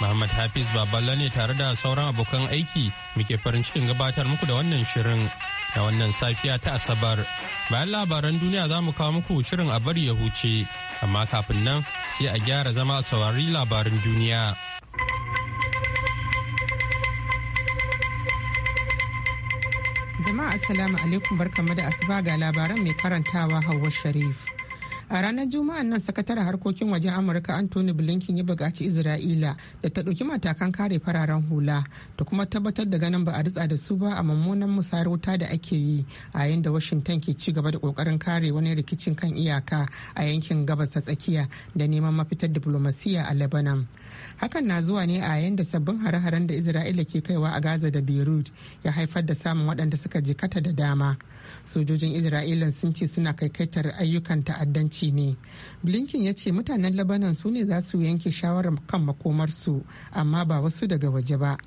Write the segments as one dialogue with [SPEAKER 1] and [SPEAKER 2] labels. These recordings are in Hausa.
[SPEAKER 1] Muhammad Hafiz Baballa ne tare da sauran abokan aiki muke farin cikin gabatar muku da wannan shirin da wannan safiya ta Asabar. Bayan labaran duniya za mu kawo muku shirin a bari ya huce, amma kafin nan sai a gyara zama a saurari labarin duniya.
[SPEAKER 2] Jama'a Assalamu alaikum barkamu da asuba ga labaran mai karantawa Hauwa Sharif. a ranar juma'an nan sakataren harkokin wajen amurka anthony blinken ya bugaci isra'ila da ta ɗauki matakan kare fararen hula ta kuma tabbatar da ganin ba a ritsa da su ba a mummunan musarauta da ake yi a yayin da washington ke ci gaba da ƙoƙarin kare wani rikicin kan iyaka a yankin gabas ta tsakiya da neman mafitar diplomasiya a lebanon hakan na zuwa ne a yayin da sabbin hare-haren da isra'ila ke kaiwa a gaza da beirut ya haifar da samun waɗanda suka jikata da dama sojojin isra'ila sun ce suna kaikaitar ayyukan ta'addanci ne blinken ya ce mutanen labanan su ne za su yanke shawarar kan makomarsu amma ba wasu daga waje ba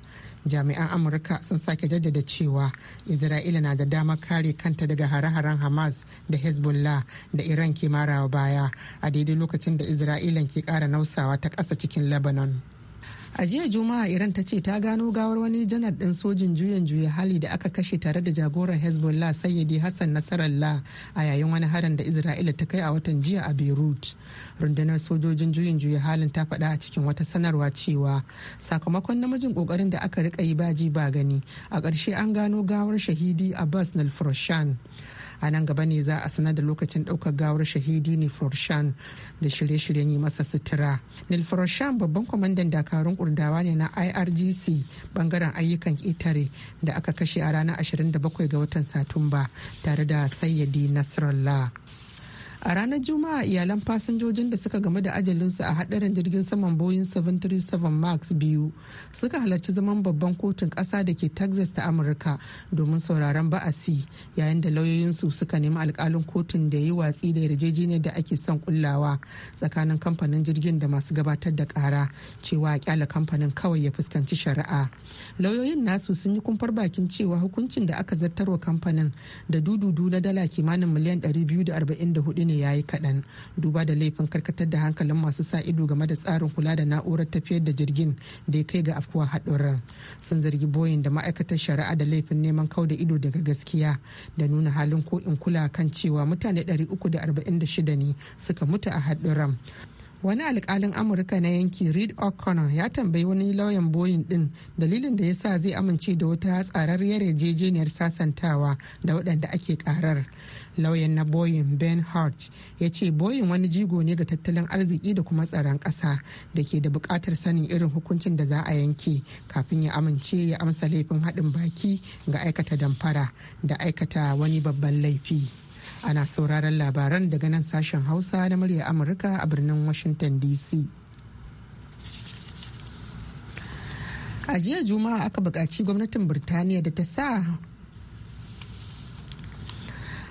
[SPEAKER 2] jami'an amurka sun sake jaddada cewa isra'ila na da damar kare kanta daga hare-haren hamas da hezbollah da iran ke marawa baya a daidai lokacin da isra'ila ke kara nausawa ta ƙasa cikin lebanon a jiya juma'a iran ta ce ta gano gawar wani janar ɗin sojin juyin juya hali da aka kashe tare da jagoran hezbollah sayyidi hassan nasarallah a yayin wani harin da isra'ila ta kai a watan jiya a beirut rundunar sojojin juyin juya halin ta faɗa a cikin wata sanarwa cewa sakamakon namijin ƙoƙarin da aka riƙa yi baji ba gani a ƙarshe an gano gawar shahidi abbas nalfroshan a nan gaba ne za a sanar da lokacin ɗaukar gawar shahidi forshan da shirye-shiryen yi masa sutura forshan babban kwamandan dakarun kurdawa ne na irgc bangaren ayyukan ƙetare da aka kashe a ranar 27 ga watan satumba tare da sayyadi nasrallah a ranar juma'a iyalan fasinjojin da suka game da ajalinsu a hadarin jirgin saman boeing 737 max biyu suka halarci zaman babban kotun kasa da ke texas ta amurka domin sauraron ba'asi yayin da lauyoyinsu suka nemi alkalin kotun da yi watsi da yarjejeniyar da ake son kullawa tsakanin kamfanin jirgin da masu gabatar da kara cewa a kyala kamfanin kawai ya fuskanci shari'a lauyoyin nasu sun yi kumfar bakin cewa hukuncin da aka zartarwa kamfanin da dududu na dala kimanin miliyan 244 ne ne ya yi kaɗan duba da laifin karkatar da hankalin masu sa ido game da tsarin kula da na'urar tafiyar da jirgin da ya kai ga afkuwa haɗurran sun zargi boyin da ma'aikatar shari'a da laifin neman kau da ido daga gaskiya da nuna halin ko in kula kan cewa mutane 346 ne suka mutu a haɗurran wani alkalin amurka na yanki reed o'connor ya tambayi wani lauyan boyin din dalilin da ya sa zai amince da wata tsarar yarjejeniyar sasantawa da waɗanda ake karar lauyan na boyin ben hart ya ce boyin wani jigo ne ga tattalin arziki da kuma tsaron ƙasa da ke da buƙatar sanin irin hukuncin da za a yanke kafin ya amince ya amsa laifin haɗin baki ga aikata damfara da aikata wani babban laifi. ana sauraron labaran daga nan sashen hausa na murya amurka a birnin washington dc a jiya juma'a aka buƙaci gwamnatin birtaniya da ta sa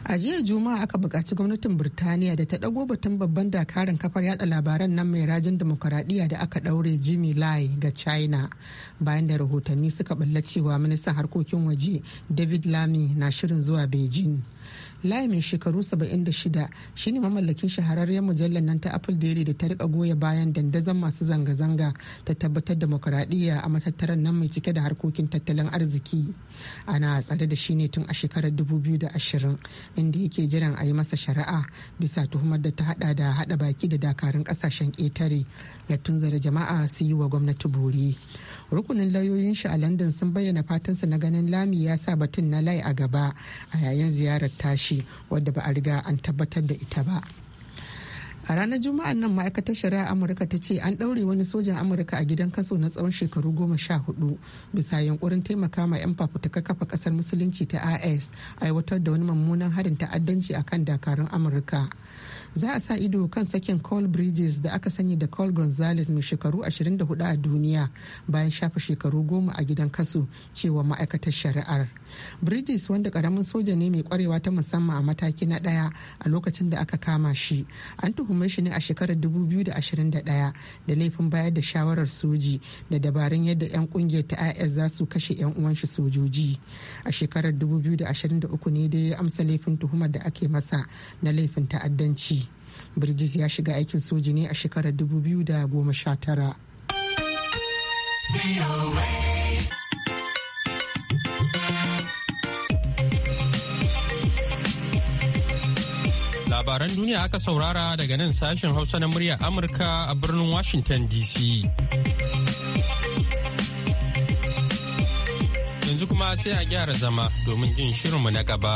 [SPEAKER 2] a jiya juma'a aka buƙaci gwamnatin birtaniya da ta ɗago batun babban dakarun kafar yatsa labaran nan mai rajin demokuraɗiyya da aka ɗaure jimmy lai ga china bayan da rahotanni suka ɓalla cewa ministan harkokin waje david lamy na shirin zuwa beijing layi mai shekaru 76 shine mamallakin shahararren mujallar nan ta apple daily da ta rika goya bayan dandazon masu zanga-zanga ta tabbatar demokuraɗiyya a matattaran nan mai cike da harkokin tattalin arziki ana tsare da shi ne tun a shekarar 2020 inda yake jiran a yi masa shari'a bisa tuhumar da ta hada da hada baki da dakarun kasashen ƙetare ya tunzara jama'a su yi wa gwamnati bori rukunin lauyoyin shi a london sun bayyana fatansa na ganin lami ya sa batun na lai a gaba a yayin ziyarar tashi wadda ba a riga an tabbatar da ita ba a ranar juma'an nan ma'aikatar shari'a amurka ta ce an ɗaure wani sojan amurka a gidan kaso na tsawon shekaru goma sha hudu bisa yunkurin taimaka ma 'yan fafutuka kafa kasar musulunci ta is aiwatar da wani mummunan harin ta'addanci akan dakarun amurka za a sa ido kan sakin cole bridges da aka sani da cole gonzales mai shekaru 24 a duniya bayan shafa shekaru goma a gidan kasu cewa ma'aikatar shari'ar bridges wanda karamin soja ne mai kwarewa ta musamman a mataki na daya a lokacin da aka kama shi an tuhume shi ne a shekarar 2021 da laifin bayar da shawarar soji da dabarun yadda 'yan kungiyar ta is za su kashe 'yan uwan shi sojoji a shekarar 2023 ne dai ya amsa laifin tuhumar da ake masa na laifin ta'addanci Birjis ya shiga aikin soji ne a shekarar 2019.
[SPEAKER 1] Labaran duniya aka saurara daga nan sashen Hausa na muryar Amurka a birnin Washington DC. Yanzu kuma sai a gyara zama domin jin shirinmu na gaba.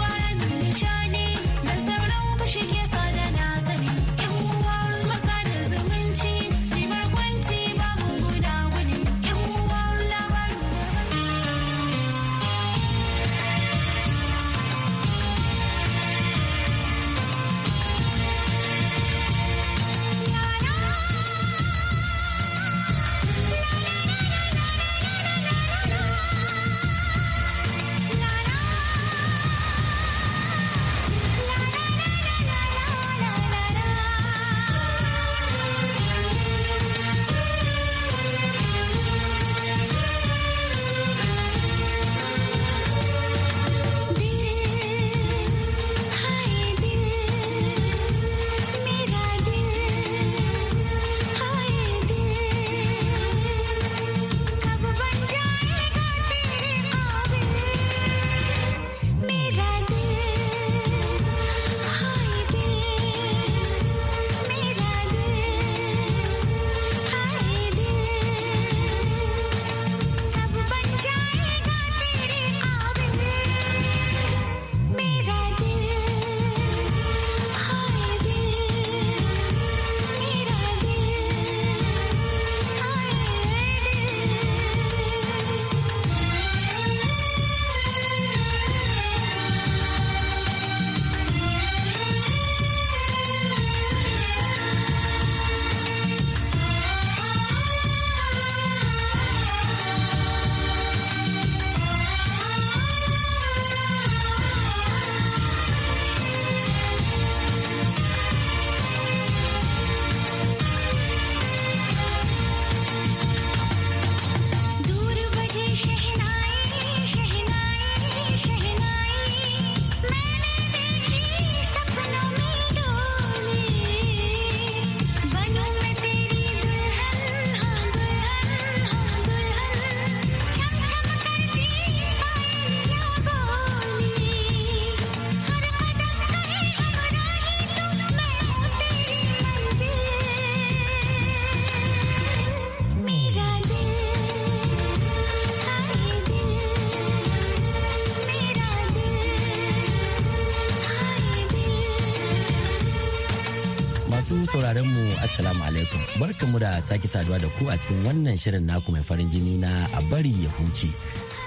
[SPEAKER 3] assalamu alaikum barkanmu da sake saduwa da ku a cikin wannan shirin naku mai farin jini na a bari ya huce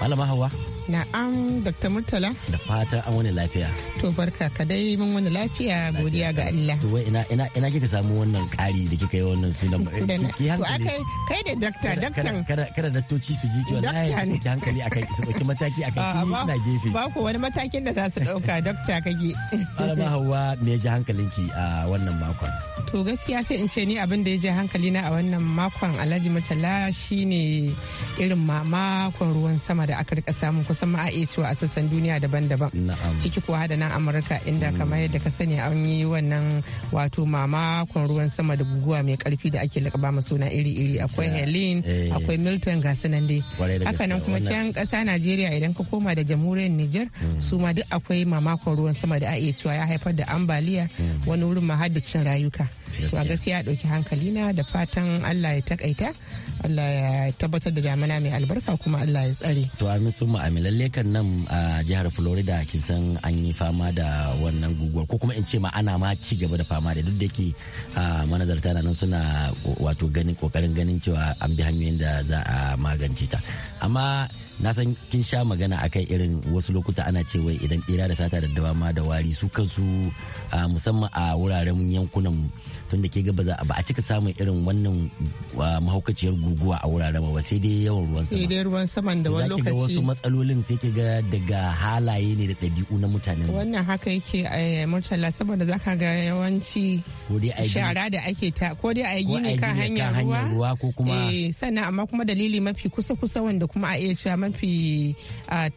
[SPEAKER 3] malama hawa Na'am Dr. Murtala. Da fatan an wani lafiya.
[SPEAKER 2] To barka ka dai mun wani lafiya godiya ga Allah.
[SPEAKER 3] To ina ina ina kika samu wannan kari da kika yi wannan sunan ba. Ki hankali. kai da dakta daktan. Kada kada dattoci su ji ki wallahi ki hankali akan su dauki mataki a kai ina gefe. Ba ku wani matakin da za su dauka dakta kage. Alama hawa me ya ji hankalinki a wannan makon?
[SPEAKER 2] To gaskiya sai in ce ni abin da ya ji hankalina a wannan makon Alhaji Murtala shine irin mamakon ruwan sama da aka rika samu kusan ma a sassan duniya daban-daban ciki kuwa da nan amurka inda kamar yadda ka sani an yi wannan wato mamakon ruwan sama da guguwa mai karfi da ake lakaba ma suna iri-iri akwai helen eh. akwai milton ga dai hakanan kuma can kasa najeriya idan ka koma da jamhuriyar niger hmm. su ma duk akwai mamakon ruwan sama da a ya haifar da ambaliya hmm. wani wurin ma har da cin rayuka to a gaskiya ɗauki hankali na da fatan allah ya takaita allah ya tabbatar da damana mai albarka kuma allah ya tsare
[SPEAKER 3] to amin sun amin lalle kan nan a jihar florida kin san an yi fama da wannan guguwar ko kuma in ce ma ana ma ci gaba da fama da duk da ke manazarta na nan suna wato ganin kokarin ganin cewa an bi hanyoyin da za a magance ta amma na san kin sha magana akan irin wasu lokuta ana cewa idan bera da sata da dawa ma da wari su kansu musamman a wuraren yankunan tunda ke gaba ba a cika samun irin wannan mahaukaciyar guguwa a wuraren ba sai dai yawan ruwan sama sai dai
[SPEAKER 2] ruwan saman da
[SPEAKER 3] wani lokaci wasu matsalolin sai ke ga daga halaye ne da ɗabi'u na mutanen
[SPEAKER 2] wannan haka yake a eh, murtala saboda zaka ga yawanci shara da ake ta ko dai a yi gini kan hanyar ruwa ko kuma eh, sannan amma kuma dalili mafi kusa kusa wanda kuma a iya cewa mafi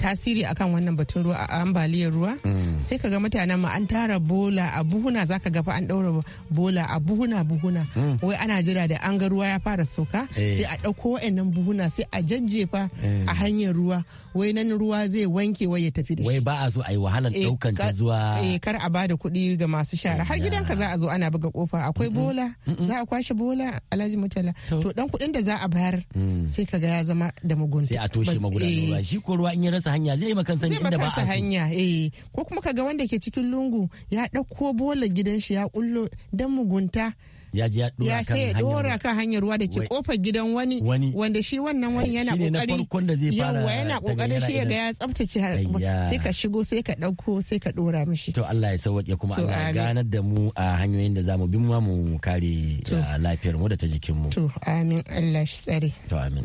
[SPEAKER 2] tasiri akan wannan batun ruwa a ambaliyar ruwa mm. sai ka ga mutanen mu an tara bola a buhuna zaka ga fa an ɗaura bola a buhuna buhuna hmm. wai ana jira da an ga ruwa ya fara sauka eh. sai a ɗauko wa'annan buhuna sai a jajjefa a eh. hanyar ruwa wai nan ruwa zai wanke wai ya tafi da shi wai
[SPEAKER 3] ba a so a yi wahalar eh, ɗaukan ta zuwa eh
[SPEAKER 2] kar a bada kuɗi ga masu shara har gidanka za a zo ana buga kofa akwai bola za a kwashe bola alhaji mutala to dan kuɗin da za a bayar mm. sai ka ga ya zama da mugunta sai a toshe magudanar
[SPEAKER 3] ruwa shi ko ruwa in ya rasa hanya zai maka sani inda ba a hanya
[SPEAKER 2] eh ko kuma ka ga wanda ke cikin lungu ya ɗauko bola gidan shi ya kullo dan mugunta manta
[SPEAKER 3] ya ji ya dora
[SPEAKER 2] kan hanyar ruwa da ke kofar gidan wani wanda shi wannan wani yana kokari yawa yana kokari shi ya ga ya tsaftace sai ka shigo sai ka dauko sai ka dora mishi to
[SPEAKER 3] Allah ya sauke kuma Allah ya ganar da mu a hanyoyin da zamu bin mu kare uh, lafiyar mu da ta jikin mu to
[SPEAKER 2] amin Allah shi tsare
[SPEAKER 3] to amin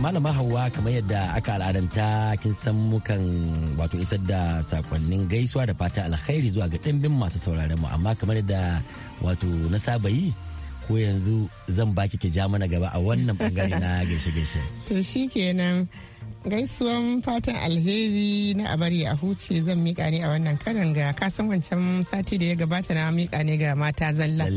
[SPEAKER 3] malama hauwa kamar yadda aka al'adanta kin san mukan wato isar da sakonnin gaisuwa da fata alkhairi zuwa ga ɗimbin masu sauraron mu amma kamar yadda wato na saba yi ko yanzu zan baki ki ja mana gaba a wannan bangare na gaishe gaishe
[SPEAKER 2] to shikenan gaisuwan fatan alheri na abari a huce zan mika ne a wannan karin ga kasan wancan sati da ya gabata na mika ne ga mata zalla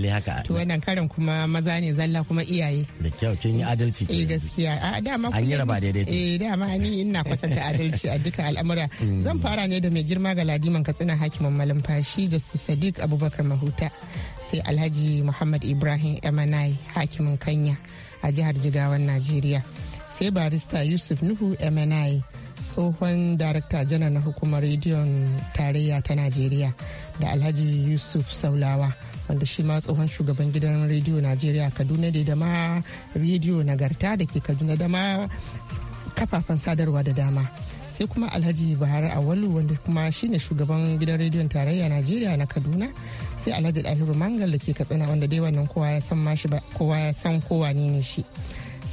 [SPEAKER 2] to wannan karin kuma maza ne zalla kuma iyaye
[SPEAKER 3] da kyau kin yi adalci
[SPEAKER 2] ke eh, gaskiya a dama an yi raba daidai eh dama ni ina kwatanta adalci a dukkan al'amura hmm. zan fara ne da mai girma ga ladiman katsina hakiman fashi da su sadiq abubakar mahuta sai alhaji muhammad ibrahim emanai hakimin kanya a jihar jigawan najeriya sai barista yusuf nuhu mni tsohon darakta janar na hukumar rediyon tarayya ta najeriya da alhaji yusuf saulawa wanda shi ma tsohon shugaban gidan rediyo najeriya kaduna da dama rediyo nagarta da ke kaduna dama kafafen sadarwa da dama sai kuma alhaji buhari awalu wanda kuma shine shugaban gidan rediyon tarayya najeriya na kaduna sai alhaji dahiru mangal da ke katsina wanda dai wannan kowa ya san kowa ne shi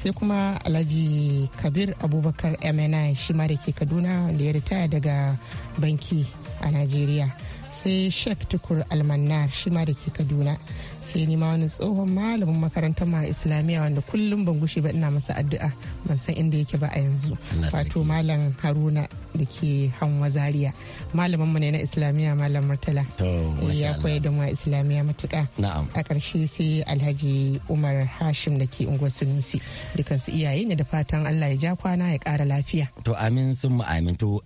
[SPEAKER 2] sai kuma alhaji kabir abubakar mna shi ma da ke kaduna da ya ritaya daga banki a najeriya sai sheikh tukur almanar shi ma da ke kaduna sai nima wani tsohon malamin makarantar ma islamiyya wanda kullum ban gushe ba ina masa addu'a ban san inda yake ba a yanzu wato malam haruna da ke hanwa zaria malaminmu ne na islamiyya malam murtala eh, ya koyar da mu islamiyya matuka a ƙarshe sai alhaji umar hashim da ke unguwar sunusi dukansu iyaye ne da fatan allah ya ja kwana ya ƙara lafiya
[SPEAKER 3] to amin sun mu amin to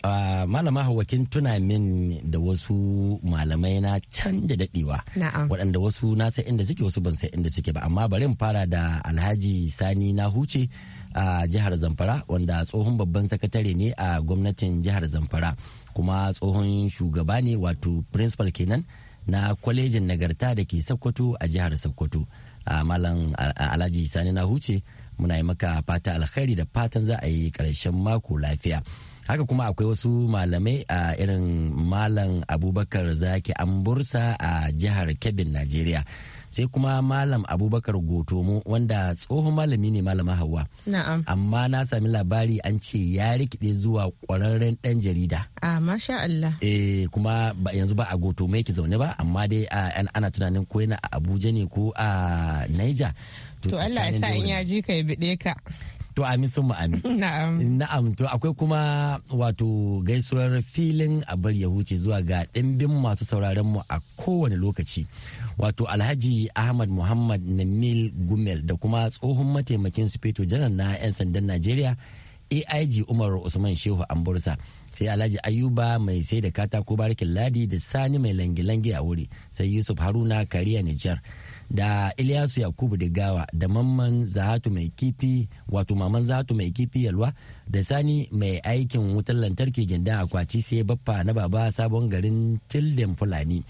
[SPEAKER 3] malama hawakin tuna min da wasu malamai na can da dadewa waɗanda wasu na sai inda suke wasu ban sai inda suke ba amma bari mu fara da alhaji sani na huce a jihar zamfara wanda tsohon babban sakatare ne a gwamnatin jihar zamfara kuma tsohon shugaba ne wato principal kenan na kwalejin nagarta da ke sokoto a jihar sokoto a malam alhaji sani na huce muna yi maka fata alkhairi da fatan za a yi karshen mako lafiya haka kuma akwai wasu malamai a irin malam abubakar zaki an a jihar kebbin najeriya sai kuma malam abubakar gotomo wanda tsohon malami ne malama hawa amma na sami labari an ce ya rikide zuwa kwararren dan jarida
[SPEAKER 2] a masha Allah
[SPEAKER 3] eh kuma yanzu ba a gotomo yake zaune ba amma dai ana tunanin ko yana a abuja ne ko a niger to Allah ya sa in ya
[SPEAKER 2] ji ka bide ka
[SPEAKER 3] to amin mu amin na'am to akwai kuma wato gaisuwar filin a bar ya huce zuwa ga ɗimbin masu sauraron mu a kowane lokaci wato alhaji ahmad muhammad namil gumel da kuma tsohon mataimakin su fito janar na 'yan sandan najeriya aig umar usman shehu ambursa sai alhaji ayuba mai sai da katako barikin ladi da sani mai langilangi a wuri sai yusuf haruna kariya nijar da ilyasu yakubu digawa da mamman zahatu mai kifi wato maman zahatu mai kifi yalwa da sani mai aikin wutar lantarki gindin akwati sai baffa na baba sabon garin tilden fulani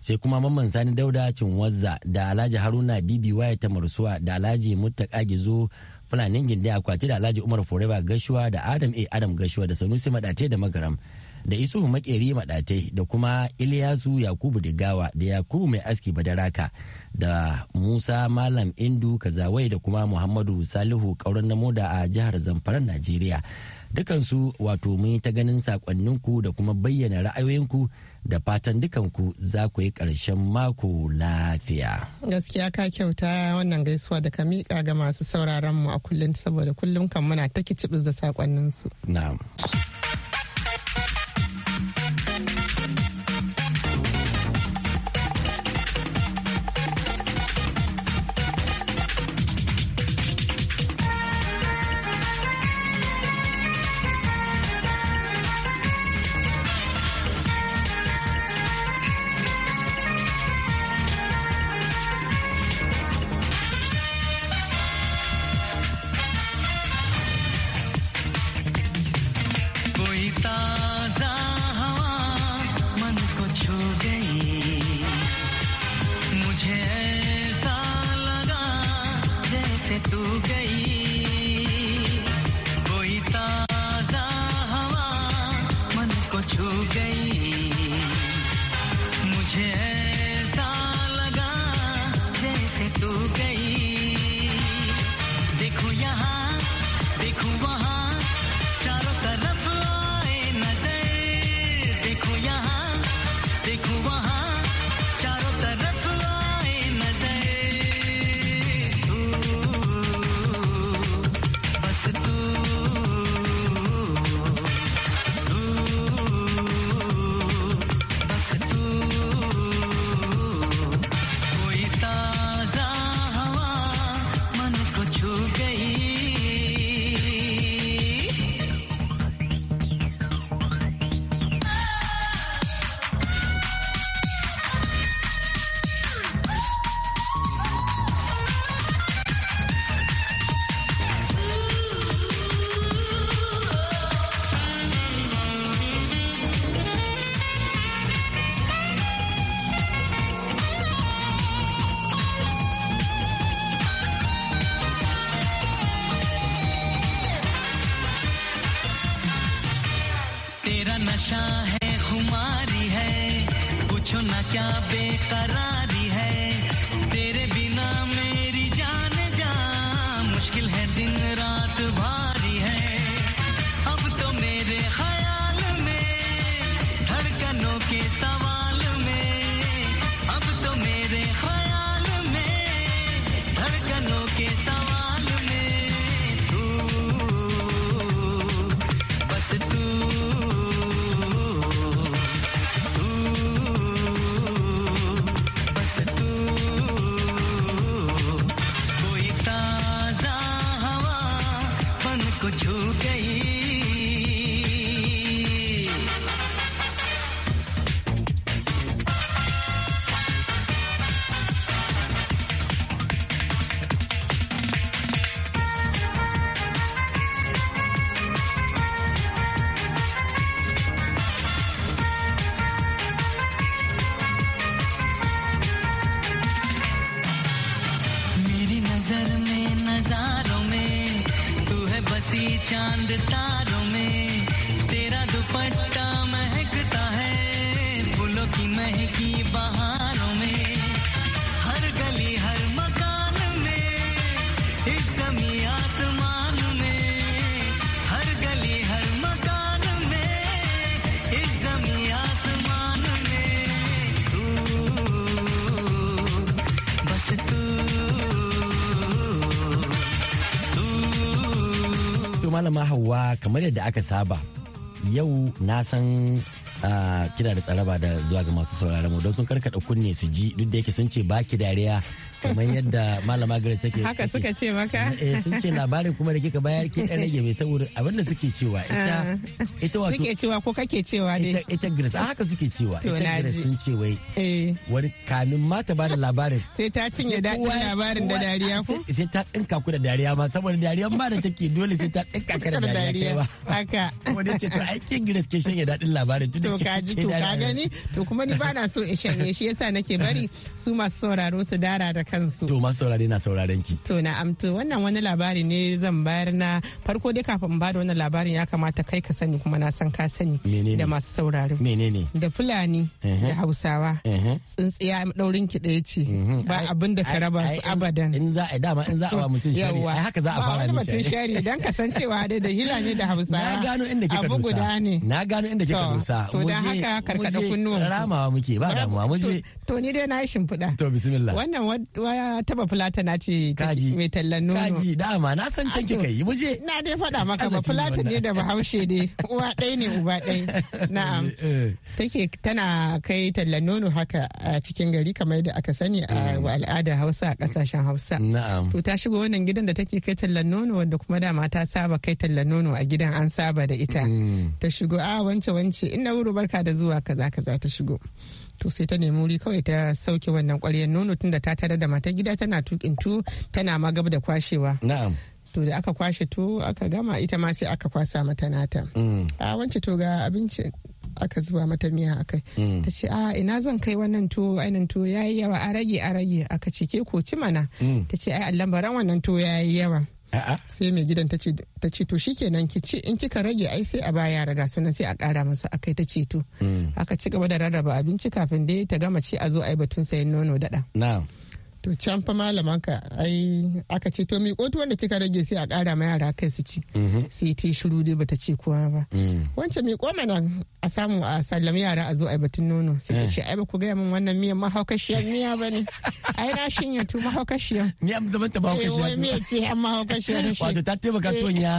[SPEAKER 3] sai kuma mamman sani dauda wazza da alhaji haruna bibi waya ta marsuwa da alhaji mutaka gizo fulanin ginde akwati da alhaji umar foreba gashuwa da adam a adam gashuwa da sanusi madate da magaram da isuhu makeri madate da kuma ilyasu yakubu digawa da yakubu mai aski badaraka da musa malam indu kazawai da kuma muhammadu salihu kauran namoda a jihar zamfara najeriya dukansu wato mun yi ta ganin sakonninku da kuma bayyana ra'ayoyinku da fatan dukanku za ku yi karshen mako lafiya.
[SPEAKER 2] Gaskiya ka kyauta wannan gaisuwa da ka miƙa ga masu sauraron mu a kullum saboda kullum kan muna ta kicibis da sakonninsu.
[SPEAKER 3] Na'am.
[SPEAKER 4] यहाँ देखूं वहाँ चारों तरफ नशा है खुमारी है पूछो ना क्या बेकरार
[SPEAKER 3] kamar yadda aka saba yau na san kina da tsaraba da zuwa ga masu sauraron mu don sun karkada kunne su ji duk da yake sun ce baki dariya kamar yadda malama grace take haka
[SPEAKER 2] suka ce maka eh sun ce labarin
[SPEAKER 3] kuma da kika bayar ki dan rage mai saboda abinda suke cewa ita ah.
[SPEAKER 2] ita wato suke cewa ko kake
[SPEAKER 3] cewa ne ita grace haka suke cewa ita grace sun ce wai eh. wani kanin ma ta bada labarin sai ta cinye dadin labarin da dariya ko sai ta tsinka ku da dariya ma saboda dariya ma da take dole sai ta tsinka ka da dariya ba haka wanda ce to kin grace ke shanye dadin labarin tun to ka ji to ka gani
[SPEAKER 2] to kuma ni ba na so in shanye shi yasa nake bari su masu sauraro su dara da kansu. To masu
[SPEAKER 3] saurare na sauraren ki.
[SPEAKER 2] To na amto wannan wani labari ne zan bayar na farko dai kafin bada wannan labarin ya kamata kai ka sani kuma na san ka sani. Da masu sauraro. Menene? Da Fulani da Hausawa. Tsintsiya daurin ki ɗaya ce. Ba abin da ka raba su abadan. In za a eh, dama in za a wa mutum shari. Yawwa. Haka za a fara mishi. Ba mutum shari dan kasancewa dai da Hilani da Hausawa. Na gano inda kika dusa. Abu guda ne.
[SPEAKER 3] Na gano inda kika dusa. To da haka karkada kunnuwan. Ramawa muke ba damuwa.
[SPEAKER 2] To ni dai na yi shimfiɗa. To bismillah. Wannan ya taba na ce mai tallan nono. Kaji dama na san can kika yi muje. Na dai faɗa maka ba fulata ne da bahaushe ne uwa ɗaya ne uba ɗaya. Na'am. Eh, eh. Take tana kai tallan nono haka a cikin gari kamar da aka sani a mm. al'ada Hausa a ƙasashen Hausa. Na'am. To ta shigo wannan gidan da take kai tallan nono wanda kuma dama ta saba kai tallan nono a gidan an saba da ita. Mm. Ta shigo a ah, wance wance ina wuro barka da zuwa kaza kaza ta shigo. to sai ta nemi wuri kawai ta sauke wannan ƙwaryar nono tunda ta tare da mata gida tana tukin tu tana ma da kwashewa na'am to da aka kwashe to aka gama ita ma sai aka kwasa mata nata mm. a wance to ga abinci aka zuba mata miya akai mm. ta ce a ina zan kai wannan to ainihin to yayi yawa a rage a rage aka ce ke ko ci mana mm. ta ce ai allan baran wannan tuwo yayi yawa sai mai gidan ta ce to shikenan ki ce in kika rage ai sai a baya raga sunan sai a kara musu kai ta ceto mm. aka ci gaba da rarraba abinci kafin dai ta gama ci a zo a ai batun sayan nono dada to can fa malaman ka ai aka ce to miƙo tuwon wanda kika rage sai a ƙara ma yara kai su ci mhm. sai ta shiru dai bata ce kowa ba mm. wancan miƙo mana a samu a sallami yara a zo a batun nono sai ta eh. ce ai ba ku gaya min wannan miyan mahaukashiyar miya ba ne ai na shinya tu mahaukashiyar
[SPEAKER 3] miya da ban ta mahaukashiyar eh, miya ce an
[SPEAKER 2] mahaukashiyar shi wato ta taimaka eh, to ya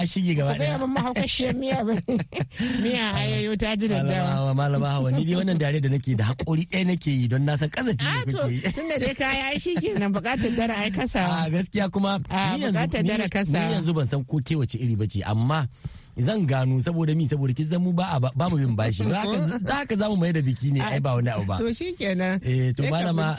[SPEAKER 2] ya shige gaba ɗaya ba mahaukashiyar miya ba miya ayoyo ta ji daddawa
[SPEAKER 3] malama hawa ni dai wannan dare da nake da hakuri ɗaya nake yi don na san kazafi ne ah, kuke yi
[SPEAKER 2] tunda dai kai Eh, ai shi kenan bukatar dara ai kasa. A gaskiya kuma ah, ni yanzu
[SPEAKER 3] ban san ko kewace iri bace amma zan gano saboda mi saboda kin mu ba ba mu bin bashi za ka za mai da biki ne ai ba wani abu ba. To
[SPEAKER 2] shikenan.
[SPEAKER 3] Eh to malama.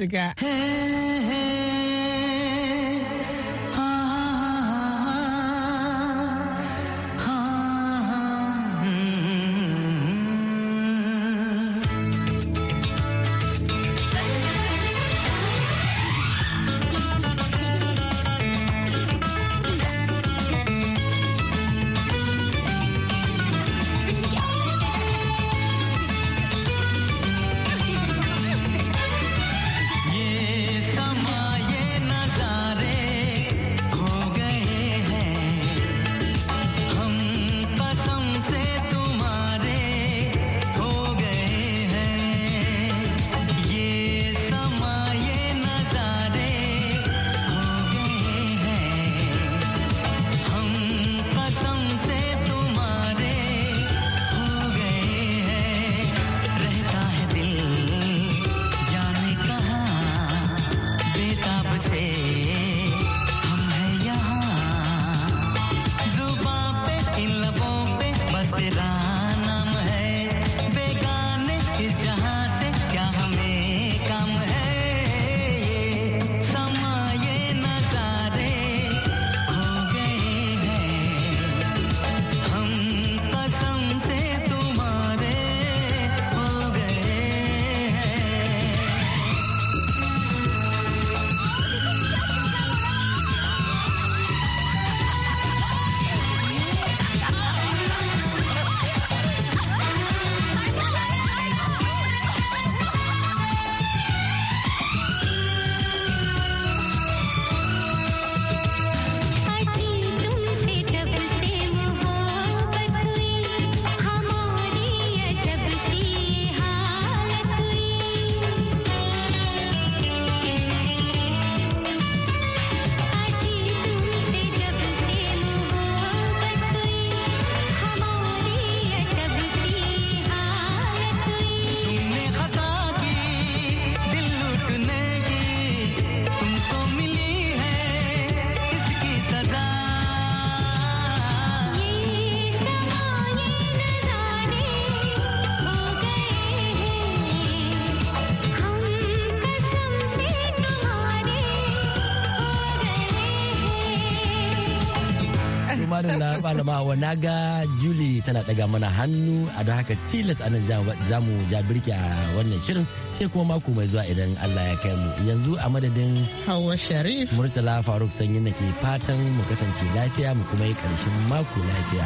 [SPEAKER 3] sallamawa na ga Julie tana daga mana hannu a da haka tilas a nan za mu ja birki a wannan shirin sai kuma mako mai zuwa idan Allah ya kai mu yanzu a madadin hawa Sharif Murtala Faruk Sanyi na ke fatan mu kasance lafiya mu kuma yi karshen mako lafiya.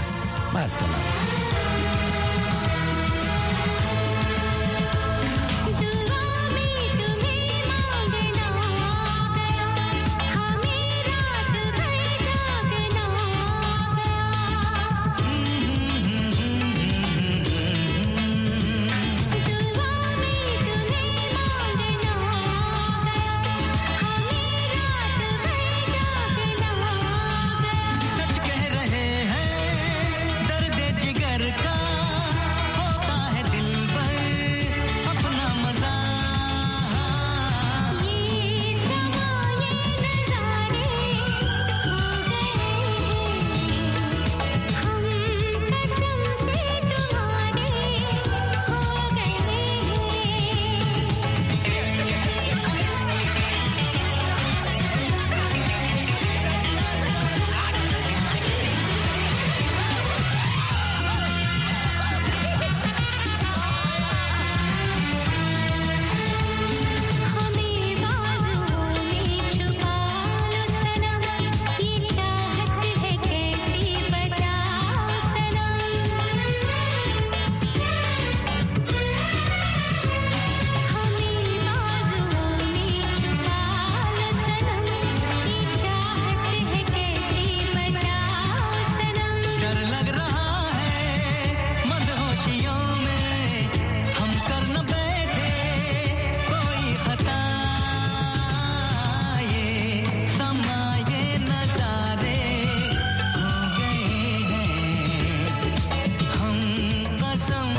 [SPEAKER 3] Masu